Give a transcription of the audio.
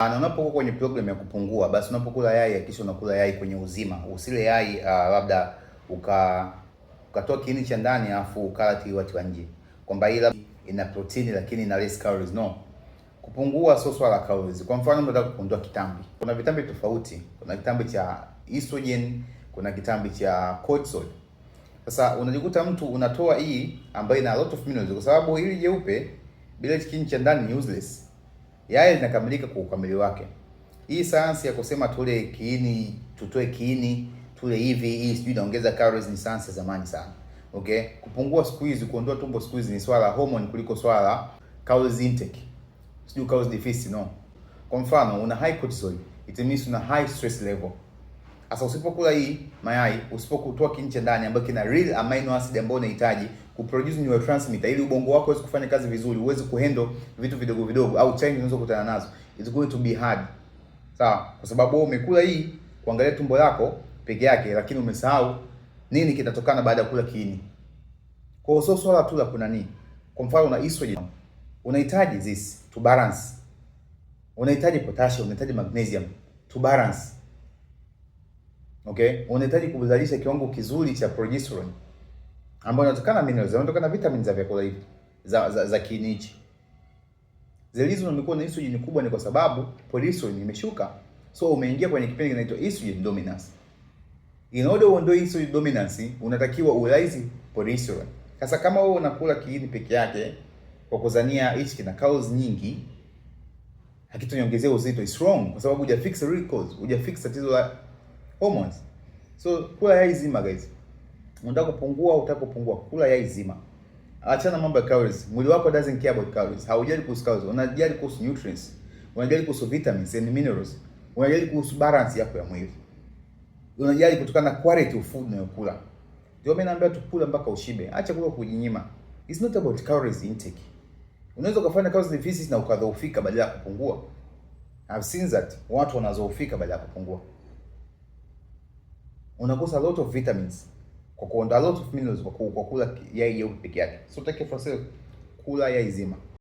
Na unapokuwa kwenye program ya kupungua, basi unapokula yai hakikisha unakula yai kwenye uzima. Usile yai uh, labda uka ukatoa kiini cha ndani afu ukala tu watu wa nje, kwamba ila ina protini lakini ina less calories. No, kupungua sio swala la calories. Kwa mfano, unataka kupungua kitambi, kuna vitambi tofauti. Kuna kitambi cha estrogen, kuna kitambi cha cortisol. Sasa unajikuta mtu unatoa hii ambayo ina a lot of minerals, kwa sababu hili jeupe bila kiini cha ndani useless yale linakamilika kwa ukamili wake. Hii sayansi ya kusema tule kiini, tutoe kiini, tule hivi, hii sijui naongeza calories ni sayansi ya zamani sana. Okay? Kupungua siku hizi, kuondoa tumbo siku hizi ni swala hormone kuliko swala calories intake. Sijui calories deficit no. Kwa mfano, una high cortisol, it means una high stress level. Asa usipokula hii mayai, usipokutoa kinche ndani ambayo kina real amino acid ambayo unahitaji kuproduce neurotransmitter ili ubongo wako uweze kufanya kazi vizuri, uweze kuhandle vitu vidogo vidogo au challenge unazo kutana nazo, it's going to be hard. Sawa, kwa sababu wewe umekula hii kuangalia tumbo lako peke yake, lakini umesahau nini kitatokana baada ya kula kiini. Kwa hiyo sio swala tu la kuna nini. Kwa mfano una estrogen, unahitaji this to balance, unahitaji potassium, unahitaji magnesium to balance. Okay, unahitaji kuzalisha kiwango kizuri cha progesterone ambayo inatokana na minerals, inatokana na vitamins za vyakula hivi za, za, za kiinichi. Zilizo umekuwa na estrogen kubwa ni kwa sababu progesterone imeshuka, so umeingia kwenye kipindi kinaitwa estrogen dominance. In order to undo estrogen dominance, unatakiwa ulaizi progesterone. Sasa kama wewe unakula kiini peke yake kwa kuzania hichi kina cows nyingi, hakitoniongezea uzito is wrong kwa sababu hujafix root cause, hujafix tatizo la hormones. So kula hizi zima guys. Unataka kupungua, unataka kupungua, kula yai zima. Achana mambo ya calories. Mwili wako doesn't care about calories. Haujali kuhusu calories, unajali kuhusu nutrients. Unajali kuhusu vitamins and minerals. Unajali kuhusu balance yako ya mwili. Unajali kutokana na quality of food unayokula. Ndio mimi naambia tukula mpaka ushibe. Acha kula kujinyima. It's not about calories intake. Unaweza kufanya calories deficit na ukadhoofika badala ya kupungua. I've seen that watu wanazoofika badala ya kupungua. Unakosa lot of vitamins kwa kuonda lot of minerals kwa kula yai jeupe peke yake. So take for yourself, kula yai zima.